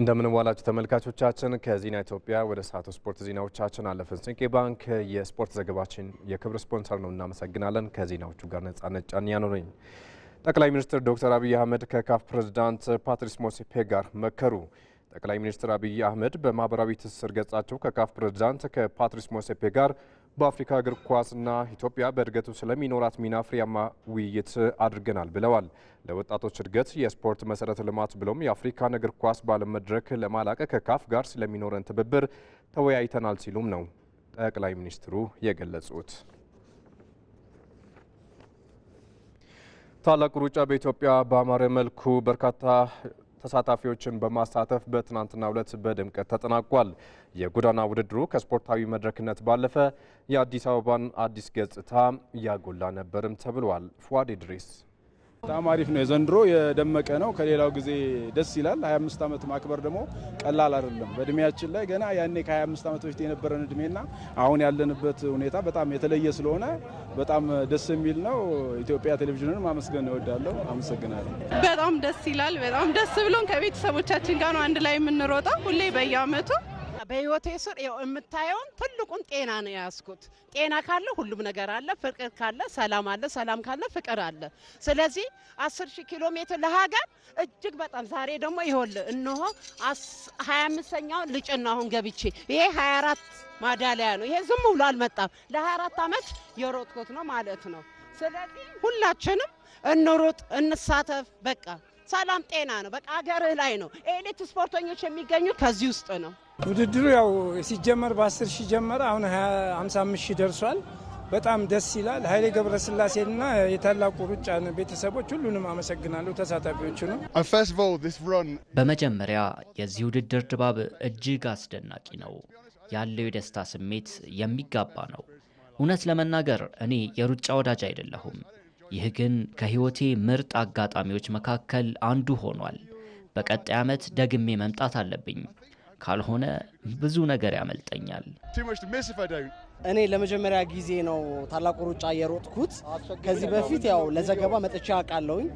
እንደምንዋላችሁ ዋላችሁ ተመልካቾቻችን። ከዜና ኢትዮጵያ ወደ ሰዓቱ ስፖርት ዜናዎቻችን አለፍን። ስንቄ ባንክ የስፖርት ዘገባችን የክብር ስፖንሰር ነው፣ እናመሰግናለን። ከዜናዎቹ ጋር ነጻነት ጫንያኑ ነኝ። ጠቅላይ ሚኒስትር ዶክተር አብይ አህመድ ከካፍ ፕሬዝዳንት ፓትሪስ ሞሴፔ ጋር መከሩ። ጠቅላይ ሚኒስትር አብይ አህመድ በማህበራዊ ትስስር ገጻቸው ከካፍ ፕሬዚዳንት ከፓትሪስ ሞሴፔ ጋር በአፍሪካ እግር ኳስና ኢትዮጵያ በእድገቱ ስለሚኖራት ሚና ፍሬያማ ውይይት አድርገናል ብለዋል። ለወጣቶች እድገት የስፖርት መሰረተ ልማት ብሎም የአፍሪካን እግር ኳስ ባለመድረክ መድረክ ከካፍ ጋር ስለሚኖረን ትብብር ተወያይተናል ሲሉም ነው ጠቅላይ ሚኒስትሩ የገለጹት። ታላቁ ሩጫ በኢትዮጵያ በአማረ መልኩ በርካታ ተሳታፊዎችን በማሳተፍ በትናንትናው ዕለት በድምቀት ተጠናቋል። የጎዳና ውድድሩ ከስፖርታዊ መድረክነት ባለፈ የአዲስ አበባን አዲስ ገጽታ ያጎላ ነበርም ተብሏል። ፏድ ድሪስ በጣም አሪፍ ነው። የዘንድሮ የደመቀ ነው። ከሌላው ጊዜ ደስ ይላል። 25 ዓመት ማክበር ደግሞ ቀላል አይደለም። በእድሜያችን ላይ ገና ያኔ ከ25 ዓመት በፊት የነበረን እድሜና አሁን ያለንበት ሁኔታ በጣም የተለየ ስለሆነ በጣም ደስ የሚል ነው። ኢትዮጵያ ቴሌቪዥንን ማመስገን እወዳለሁ። አመሰግናለሁ። በጣም ደስ ይላል። በጣም ደስ ብሎን ከቤተሰቦቻችን ጋር ነው አንድ ላይ የምንሮጠው ሁሌ በየአመቱ በህይወቴ ስር የምታየውን ትልቁን ጤና ነው የያዝኩት። ጤና ካለ ሁሉም ነገር አለ። ፍቅር ካለ ሰላም አለ። ሰላም ካለ ፍቅር አለ። ስለዚህ 10 ሺህ ኪሎ ሜትር ለሀገር እጅግ በጣም ዛሬ ደግሞ ይሆል እነሆ 25 ኛው ልጭና አሁን ገብቼ ይሄ 24 ማዳሊያ ነው። ይሄ ዝም ብሎ አልመጣም። ለ24 ዓመት የሮጥኩት ነው ማለት ነው። ስለዚህ ሁላችንም እንሩጥ፣ እንሳተፍ። በቃ ሰላም ጤና ነው። በቃ ሀገርህ ላይ ነው። ኤሊት ስፖርተኞች የሚገኙት ከዚህ ውስጥ ነው። ውድድሩ ያው ሲጀመር በ10 ሺህ ጀመረ። አሁን 55 ሺህ ደርሷል። በጣም ደስ ይላል። ኃይሌ ገብረስላሴና የታላቁ ሩጫን ቤተሰቦች ሁሉንም አመሰግናለሁ፣ ተሳታፊዎች ነው። በመጀመሪያ የዚህ ውድድር ድባብ እጅግ አስደናቂ ነው። ያለው የደስታ ስሜት የሚጋባ ነው። እውነት ለመናገር እኔ የሩጫ ወዳጅ አይደለሁም። ይህ ግን ከሕይወቴ ምርጥ አጋጣሚዎች መካከል አንዱ ሆኗል። በቀጣይ ዓመት ደግሜ መምጣት አለብኝ። ካልሆነ ብዙ ነገር ያመልጠኛል። እኔ ለመጀመሪያ ጊዜ ነው ታላቁ ሩጫ የሮጥኩት። ከዚህ በፊት ያው ለዘገባ መጥቼ አውቃለሁኝ።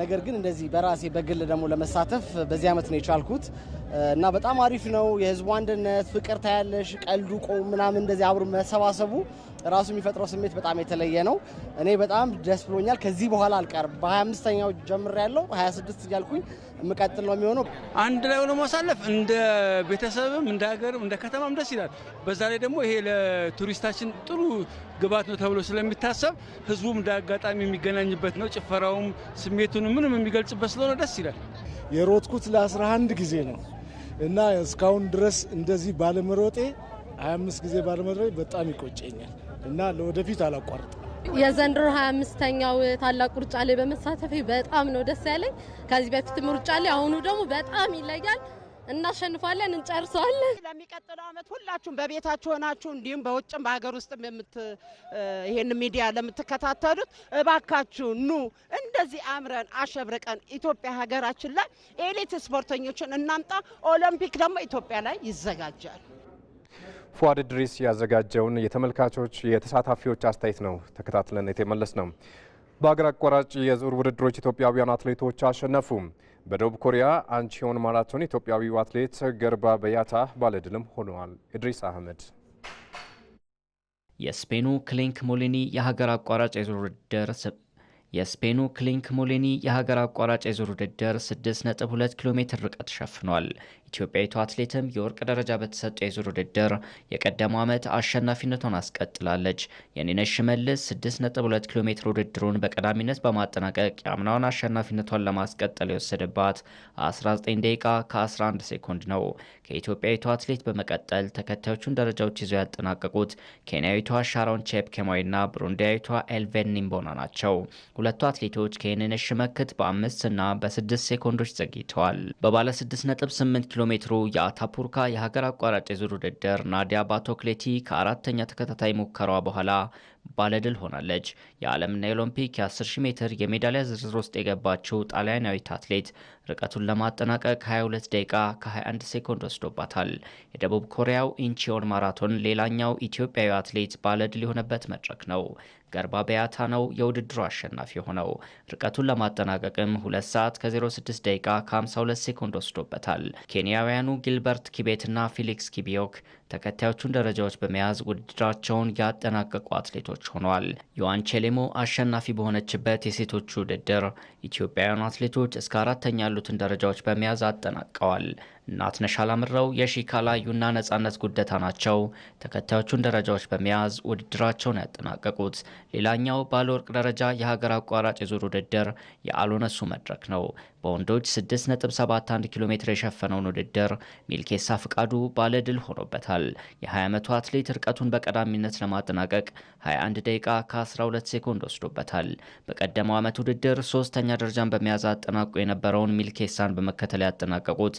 ነገር ግን እንደዚህ በራሴ በግል ደግሞ ለመሳተፍ በዚህ ዓመት ነው የቻልኩት እና በጣም አሪፍ ነው። የህዝቡ አንድነት ፍቅር ታያለሽ። ቀልዱ ቆም ምናምን እንደዚህ አብሮ መሰባሰቡ ራሱ የሚፈጥረው ስሜት በጣም የተለየ ነው። እኔ በጣም ደስ ብሎኛል። ከዚህ በኋላ አልቀርም። በ25ኛው ጀምር ያለው 26 እያልኩኝ የምቀጥል ነው የሚሆነው። አንድ ላይ ሆኖ ማሳለፍ እንደ ቤተሰብም እንደ ሀገርም እንደ ከተማም ደስ ይላል። በዛ ላይ ደግሞ ይሄ ለቱሪስታችን ጥሩ ግብዓት ነው ተብሎ ስለሚታሰብ ህዝቡም እንደ አጋጣሚ የሚገናኝበት ነው። ጭፈራውም ስሜቱን ምንም የሚገልጽበት ስለሆነ ደስ ይላል። የሮጥኩት ለ11 ጊዜ ነው እና እስካሁን ድረስ እንደዚህ ባለመሮጤ 25 ጊዜ ባለመሮጤ በጣም ይቆጨኛል። እና ለወደፊት አላቋርጥ የዘንድሮ 25ኛው ታላቅ ሩጫ ላይ በመሳተፌ በጣም ነው ደስ ያለኝ። ከዚህ በፊትም ሩጫ ላይ አሁኑ ደግሞ በጣም ይለያል። እናሸንፋለን፣ እንጨርሰዋለን። ለሚቀጥለው ዓመት ሁላችሁም በቤታችሁ ሆናችሁ እንዲሁም በውጭም በሀገር ውስጥም ይሄን ሚዲያ ለምትከታተሉት እባካችሁ ኑ እንደዚህ አምረን አሸብርቀን ኢትዮጵያ ሀገራችን ላይ ኤሊት ስፖርተኞችን እናምጣ። ኦሎምፒክ ደግሞ ኢትዮጵያ ላይ ይዘጋጃል። ፉአድ ድሪስ ያዘጋጀውን የተመልካቾች የተሳታፊዎች አስተያየት ነው ተከታትለን የተመለስ ነው። በአገር አቋራጭ የዙር ውድድሮች ኢትዮጵያውያን አትሌቶች አሸነፉ። በደቡብ ኮሪያ አንቺዮን ማራቶን ኢትዮጵያዊው አትሌት ገርባ በያታ ባለድልም ሆኗል። ኢድሪስ አህመድ የስፔኑ ክሊንክ ሞሊኒ የሀገር አቋራጭ የዙር ውድድር የስፔኑ ክሊንክ ሙሊኒ የሀገር አቋራጭ የዙር ውድድር 6.2 ኪሎ ሜትር ርቀት ሸፍኗል። ኢትዮጵያዊቱ አትሌትም የወርቅ ደረጃ በተሰጠው የዙር ውድድር የቀደመው ዓመት አሸናፊነቷን አስቀጥላለች። የኔነሽ ሽመልስ 6.2 ኪሎ ሜትር ውድድሩን በቀዳሚነት በማጠናቀቅ የአምናውን አሸናፊነቷን ለማስቀጠል የወሰደባት 19 ደቂቃ ከ11 ሴኮንድ ነው። ከኢትዮጵያዊቱ አትሌት በመቀጠል ተከታዮቹን ደረጃዎች ይዘው ያጠናቀቁት ኬንያዊቷ ሻሮን ቼፕ ኬማዊና ብሩንዲያዊቷ ኤልቬን ኒምቦና ናቸው። ሁለቱ አትሌቶች ከየነነሽ ሽመክት በአምስት እና በስድስት ሴኮንዶች ዘግይተዋል። በባለ 6.8 ኪሎ ሜትሩ የአታፑርካ የሀገር አቋራጭ የዙር ውድድር ናዲያ ባቶክሌቲ ከአራተኛ ተከታታይ ሙከራዋ በኋላ ባለድል ሆናለች። የዓለምና የኦሎምፒክ የ10000 ሜትር የሜዳሊያ ዝርዝር ውስጥ የገባችው ጣሊያናዊት አትሌት ርቀቱን ለማጠናቀቅ 22 ደቂቃ ከ21 ሴኮንድ ወስዶባታል። የደቡብ ኮሪያው ኢንቺዮን ማራቶን ሌላኛው ኢትዮጵያዊ አትሌት ባለድል የሆነበት መድረክ ነው። ገርባ በያታ ነው የውድድሩ አሸናፊ የሆነው። ርቀቱን ለማጠናቀቅም 2 ሰዓት ከ06 ደቂቃ ከ52 ሴኮንድ ወስዶበታል። ኬንያውያኑ ጊልበርት ኪቤትና ፊሊክስ ኪቢዮክ ተከታዮቹን ደረጃዎች በመያዝ ውድድራቸውን ያጠናቀቁ አትሌቶች ሆነዋል። ዮዋን ቼሌሞ አሸናፊ በሆነችበት የሴቶቹ ውድድር ኢትዮጵያውያኑ አትሌቶች እስከ አራተኛ ያሉትን ደረጃዎች በመያዝ አጠናቀዋል። እናትነሽ አላምረው፣ የሺካላ ዩና ነጻነት ጉደታ ናቸው ተከታዮቹን ደረጃዎች በመያዝ ውድድራቸውን ያጠናቀቁት። ሌላኛው ባለወርቅ ደረጃ የሀገር አቋራጭ የዙር ውድድር የአሎነሱ መድረክ ነው። በወንዶች 6.71 ኪሎ ሜትር የሸፈነውን ውድድር ሚልኬሳ ፍቃዱ ባለድል ሆኖበታል። የ20 ዓመቱ አትሌት ርቀቱን በቀዳሚነት ለማጠናቀቅ 21 ደቂቃ ከ12 ሴኮንድ ወስዶበታል። በቀደመው ዓመት ውድድር ሶስተኛ ደረጃን በመያዝ አጠናቁ የነበረውን ሚልኬሳን በመከተል ያጠናቀቁት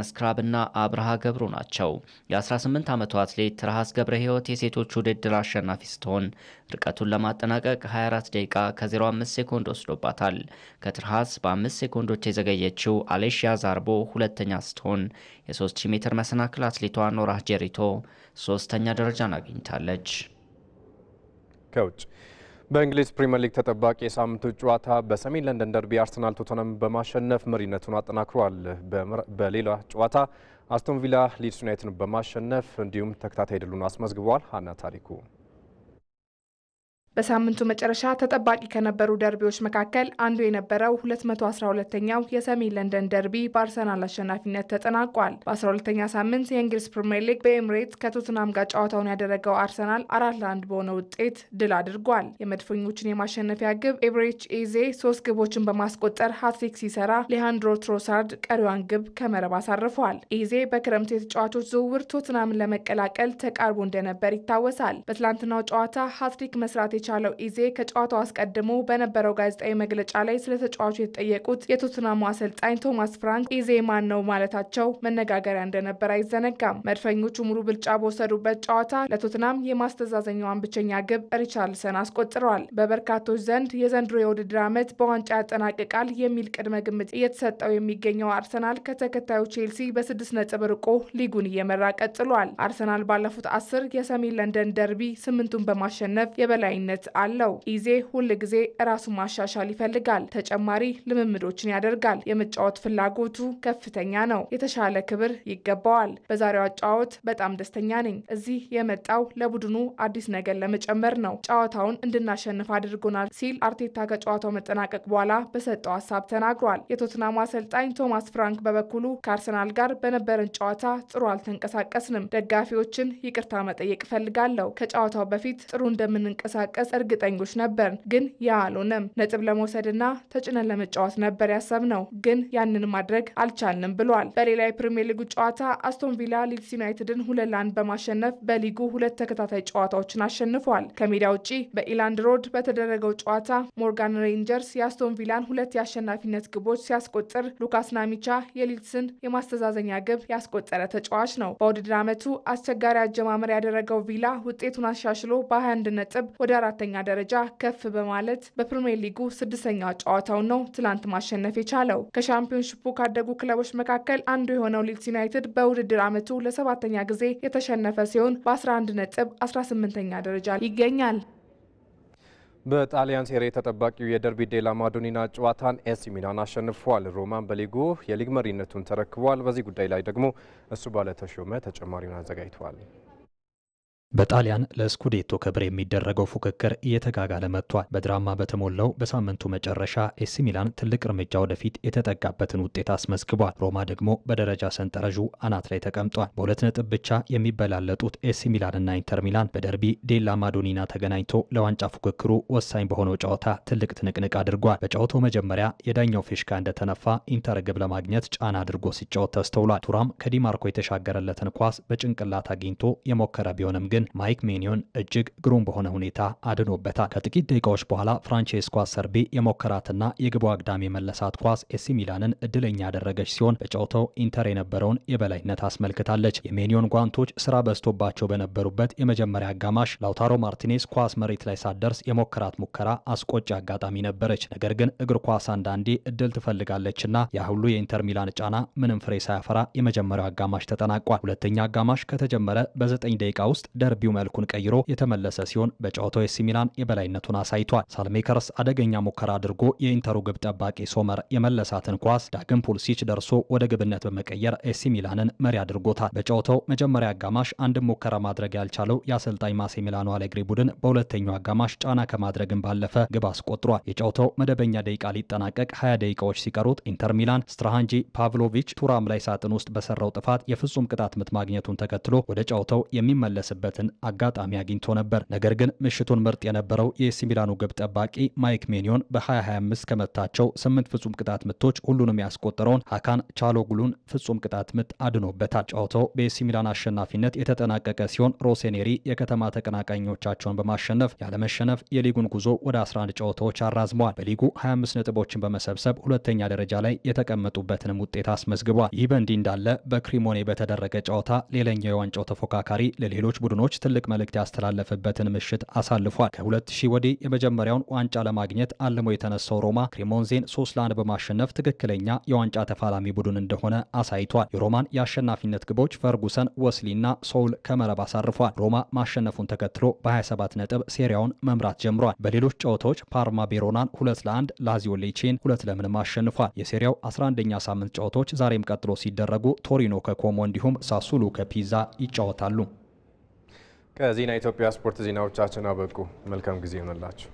ዮሐንስ ክራብና አብርሃ ገብሩ ናቸው። የ18 ዓመቱ አትሌት ትርሃስ ገብረ ሕይወት የሴቶች ውድድር አሸናፊ ስትሆን ርቀቱን ለማጠናቀቅ 24 ደቂቃ ከ05 ሴኮንድ ወስዶባታል። ከትርሃስ በ5 ሴኮንዶች የዘገየችው አሌሽያ ዛርቦ ሁለተኛ ስትሆን የ3000 ሜትር መሰናክል አትሌቷ ኖራህ ጀሪቶ ሶስተኛ ደረጃን አግኝታለች። ከውጭ በእንግሊዝ ፕሪምየር ሊግ ተጠባቂ የሳምንቱ ጨዋታ በሰሜን ለንደን ደርቢ አርሰናል ቶተነም በማሸነፍ መሪነቱን አጠናክሯል። በሌላ ጨዋታ አስቶን ቪላ ሊድስ ዩናይትድን በማሸነፍ እንዲሁም ተከታታይ ድሉን አስመዝግቧል። ሀና ታሪኩ በሳምንቱ መጨረሻ ተጠባቂ ከነበሩ ደርቢዎች መካከል አንዱ የነበረው 212ኛው የሰሜን ለንደን ደርቢ በአርሰናል አሸናፊነት ተጠናቋል። በ12ኛ ሳምንት የእንግሊዝ ፕሪምየር ሊግ በኤምሬት ከቶትናም ጋር ጨዋታውን ያደረገው አርሰናል አራት ለአንድ በሆነ ውጤት ድል አድርጓል። የመድፈኞችን የማሸነፊያ ግብ ኤቨሬች ኤዜ ሶስት ግቦችን በማስቆጠር ሀትሪክ ሲሰራ፣ ሌሃንድሮ ትሮሳርድ ቀሪዋን ግብ ከመረብ አሳርፏል። ኤዜ በክረምቱ የተጫዋቾች ዝውውር ቶትናምን ለመቀላቀል ተቃርቦ እንደነበር ይታወሳል። በትላንትናው ጨዋታ ሀትሪክ መስራት የቻለው ኢዜ ከጨዋታው አስቀድሞ በነበረው ጋዜጣዊ መግለጫ ላይ ስለ ተጫዋቹ የተጠየቁት የቶትናሙ አሰልጣኝ ቶማስ ፍራንክ ኢዜ ማን ነው ማለታቸው መነጋገሪያ እንደነበር አይዘነጋም። መድፈኞቹ ሙሉ ብልጫ በወሰዱበት ጨዋታ ለቶትናም የማስተዛዘኛዋን ብቸኛ ግብ ሪቻርልሰን አስቆጥረዋል። በበርካቶች ዘንድ የዘንድሮ የውድድር ዓመት በዋንጫ ያጠናቅቃል የሚል ቅድመ ግምት እየተሰጠው የሚገኘው አርሰናል ከተከታዩ ቼልሲ በስድስት ነጥብ ርቆ ሊጉን እየመራ ቀጥሏል። አርሰናል ባለፉት አስር የሰሜን ለንደን ደርቢ ስምንቱን በማሸነፍ የበላይነት ተገቢነት አለው። ኢዜ ሁል ጊዜ ራሱን ማሻሻል ይፈልጋል። ተጨማሪ ልምምዶችን ያደርጋል። የመጫወት ፍላጎቱ ከፍተኛ ነው። የተሻለ ክብር ይገባዋል። በዛሬው አጫወት በጣም ደስተኛ ነኝ። እዚህ የመጣው ለቡድኑ አዲስ ነገር ለመጨመር ነው። ጨዋታውን እንድናሸንፍ አድርጎናል ሲል አርቴታ ከጨዋታው መጠናቀቅ በኋላ በሰጠው ሀሳብ ተናግሯል። የቶትናሙ አሰልጣኝ ቶማስ ፍራንክ በበኩሉ ከአርሰናል ጋር በነበረን ጨዋታ ጥሩ አልተንቀሳቀስንም። ደጋፊዎችን ይቅርታ መጠየቅ እፈልጋለሁ። ከጨዋታው በፊት ጥሩ እንደምንንቀሳቀስ እንደምንንቀሳቀስ እርግጠኞች ነበር፣ ግን ያ አልሆነም። ነጥብ ለመውሰድና ተጭነን ለመጫወት ነበር ያሰብነው፣ ግን ያንን ማድረግ አልቻልንም ብሏል። በሌላ የፕሪምየር ሊጉ ጨዋታ አስቶን ቪላ ሊድስ ዩናይትድን ሁለት ለአንድ በማሸነፍ በሊጉ ሁለት ተከታታይ ጨዋታዎችን አሸንፏል። ከሜዳ ውጪ በኢላንድ ሮድ በተደረገው ጨዋታ ሞርጋን ሬንጀርስ የአስቶን ቪላን ሁለት የአሸናፊነት ግቦች ሲያስቆጥር ሉካስ ናሚቻ የሊድስን የማስተዛዘኛ ግብ ያስቆጠረ ተጫዋች ነው። በውድድር ዓመቱ አስቸጋሪ አጀማመር ያደረገው ቪላ ውጤቱን አሻሽሎ በ21 ነጥብ ወደ አራተኛ ደረጃ ከፍ በማለት በፕሪምየር ሊጉ ስድስተኛ ጨዋታውን ነው ትላንት ማሸነፍ የቻለው። ከሻምፒዮንሽፑ ካደጉ ክለቦች መካከል አንዱ የሆነው ሊድስ ዩናይትድ በውድድር ዓመቱ ለሰባተኛ ጊዜ የተሸነፈ ሲሆን በ11 ነጥብ 18ኛ ደረጃ ይገኛል። በጣሊያን ሴሬ ተጠባቂው የደርቢ ዴላ ማዶኒና ጨዋታን ኤሲ ሚላን አሸንፏል። ሮማን በሊጉ የሊግ መሪነቱን ተረክቧል። በዚህ ጉዳይ ላይ ደግሞ እሱ ባለተሾመ ተጨማሪውን አዘጋጅተዋል። በጣሊያን ለስኩዴቶ ክብር የሚደረገው ፉክክር እየተጋጋለ መጥቷል። በድራማ በተሞላው በሳምንቱ መጨረሻ ኤሲ ሚላን ትልቅ እርምጃ ወደፊት የተጠጋበትን ውጤት አስመዝግቧል። ሮማ ደግሞ በደረጃ ሰንጠረዡ አናት ላይ ተቀምጧል። በሁለት ነጥብ ብቻ የሚበላለጡት ኤሲ ሚላንና ኢንተር ሚላን በደርቢ ዴላ ማዶኒና ተገናኝቶ ለዋንጫ ፉክክሩ ወሳኝ በሆነው ጨዋታ ትልቅ ትንቅንቅ አድርጓል። በጨዋታው መጀመሪያ የዳኛው ፊሽካ እንደተነፋ ኢንተር ግብ ለማግኘት ጫና አድርጎ ሲጫወት ተስተውሏል። ቱራም ከዲማርኮ የተሻገረለትን ኳስ በጭንቅላት አግኝቶ የሞከረ ቢሆንም ግን ግን ማይክ ሜኒዮን እጅግ ግሩም በሆነ ሁኔታ አድኖበታል። ከጥቂት ደቂቃዎች በኋላ ፍራንቼስኮ አሰርቢ የሞከራትና የግቡ አግዳሚ መለሳት ኳስ ኤሲ ሚላንን እድለኛ ያደረገች ሲሆን በጨዋታው ኢንተር የነበረውን የበላይነት አስመልክታለች። የሜኒዮን ጓንቶች ስራ በዝቶባቸው በነበሩበት የመጀመሪያ አጋማሽ ላውታሮ ማርቲኔስ ኳስ መሬት ላይ ሳትደርስ የሞከራት ሙከራ አስቆጭ አጋጣሚ ነበረች። ነገር ግን እግር ኳስ አንዳንዴ እድል ትፈልጋለችና ያ ሁሉ የኢንተር ሚላን ጫና ምንም ፍሬ ሳያፈራ የመጀመሪያው አጋማሽ ተጠናቋል። ሁለተኛ አጋማሽ ከተጀመረ በዘጠኝ ደቂቃ ውስጥ የደርቢው መልኩን ቀይሮ የተመለሰ ሲሆን በጨዋታው ኤሲ ሚላን የበላይነቱን አሳይቷል። ሳልሜከርስ አደገኛ ሙከራ አድርጎ የኢንተሩ ግብ ጠባቂ ሶመር የመለሳትን ኳስ ዳግም ፑልሲች ደርሶ ወደ ግብነት በመቀየር ኤሲ ሚላንን መሪ አድርጎታል። በጨዋታው መጀመሪያ አጋማሽ አንድም ሙከራ ማድረግ ያልቻለው የአሰልጣኝ ማሴ ሚላኖ አሌግሪ ቡድን በሁለተኛው አጋማሽ ጫና ከማድረግን ባለፈ ግብ አስቆጥሯል። የጨዋታው መደበኛ ደቂቃ ሊጠናቀቅ 20 ደቂቃዎች ሲቀሩት ኢንተር ሚላን ስትራሃንጂ ፓቭሎቪች ቱራም ላይ ሳጥን ውስጥ በሰራው ጥፋት የፍጹም ቅጣት ምት ማግኘቱን ተከትሎ ወደ ጨዋታው የሚመለስበት የማግባትን አጋጣሚ አግኝቶ ነበር። ነገር ግን ምሽቱን ምርጥ የነበረው የኤሲ ሚላኑ ግብ ጠባቂ ማይክ ሜኒዮን በ2025 ከመታቸው ስምንት ፍጹም ቅጣት ምቶች ሁሉንም ያስቆጠረውን ሀካን ቻሎጉሉን ፍጹም ቅጣት ምት አድኖበታል። ጨዋታው በኤሲ ሚላን አሸናፊነት የተጠናቀቀ ሲሆን ሮሴኔሪ የከተማ ተቀናቃኞቻቸውን በማሸነፍ ያለመሸነፍ የሊጉን ጉዞ ወደ 11 ጨዋታዎች አራዝመዋል። በሊጉ 25 ነጥቦችን በመሰብሰብ ሁለተኛ ደረጃ ላይ የተቀመጡበትንም ውጤት አስመዝግቧል። ይህ በእንዲህ እንዳለ በክሪሞኔ በተደረገ ጨዋታ ሌላኛው የዋንጫው ተፎካካሪ ለሌሎች ቡድኖች ለወጣቶች ትልቅ መልእክት ያስተላለፈበትን ምሽት አሳልፏል። ከ2000 ወዲህ የመጀመሪያውን ዋንጫ ለማግኘት አልሞ የተነሳው ሮማ ክሬሞንዜን 3 ለ1 በማሸነፍ ትክክለኛ የዋንጫ ተፋላሚ ቡድን እንደሆነ አሳይቷል። የሮማን የአሸናፊነት ግቦች ፈርጉሰን፣ ወስሊና ሶውል ከመረብ አሳርፏል። ሮማ ማሸነፉን ተከትሎ በ27 ነጥብ ሴሪያውን መምራት ጀምሯል። በሌሎች ጨዋታዎች ፓርማ ቤሮናን 2 ለ1፣ ላዚዮ ሌቼን 2 ለምንም አሸንፏል። የሴሪያው 11ኛ ሳምንት ጨዋታዎች ዛሬም ቀጥሎ ሲደረጉ ቶሪኖ ከኮሞ እንዲሁም ሳሱሉ ከፒዛ ይጫወታሉ። ከዜና ኢትዮጵያ ስፖርት ዜናዎቻችን አበቁ። መልካም ጊዜ ይሆንላችሁ።